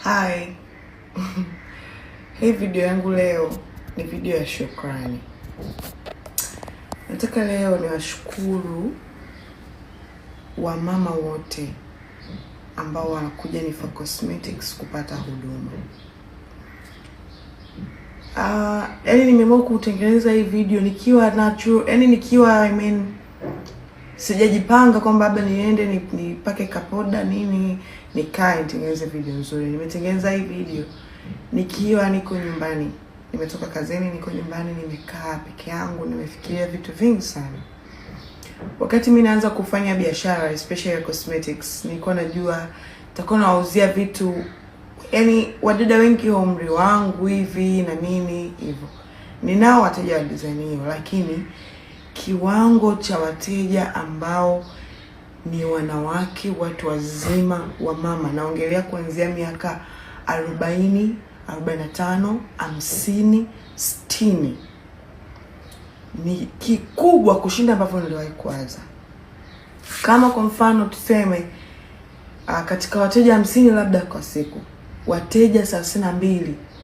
Hi. Hii video yangu leo ni video ya shukrani. Nataka leo niwashukuru wamama wote ambao wanakuja Nifa Cosmetics kupata huduma. Ah, uh, yani nimeamua kutengeneza hii video nikiwa natural, yani nikiwa I mean sijajipanga kwamba labda niende nipake ni kapoda nini nikae nitengeneze video nzuri. Nimetengeneza hii video nikiwa niko nyumbani, nimetoka kazini, niko nyumbani, nimekaa peke yangu, nimefikiria vitu vingi sana. Wakati mi naanza kufanya biashara especially ya cosmetics, nilikuwa najua nitakuwa nawauzia vitu yani wadada wengi wa umri wangu hivi na nini hivyo, ninao wateja wa design hiyo, lakini kiwango cha wateja ambao ni wanawake watu wazima wa mama, naongelea kuanzia miaka 40, 45, na tano, ni kikubwa kushinda ambavyo niliwahi kuwaza. Kama kwa mfano tuseme ah, katika wateja hamsini labda kwa siku, wateja thelathini na mbili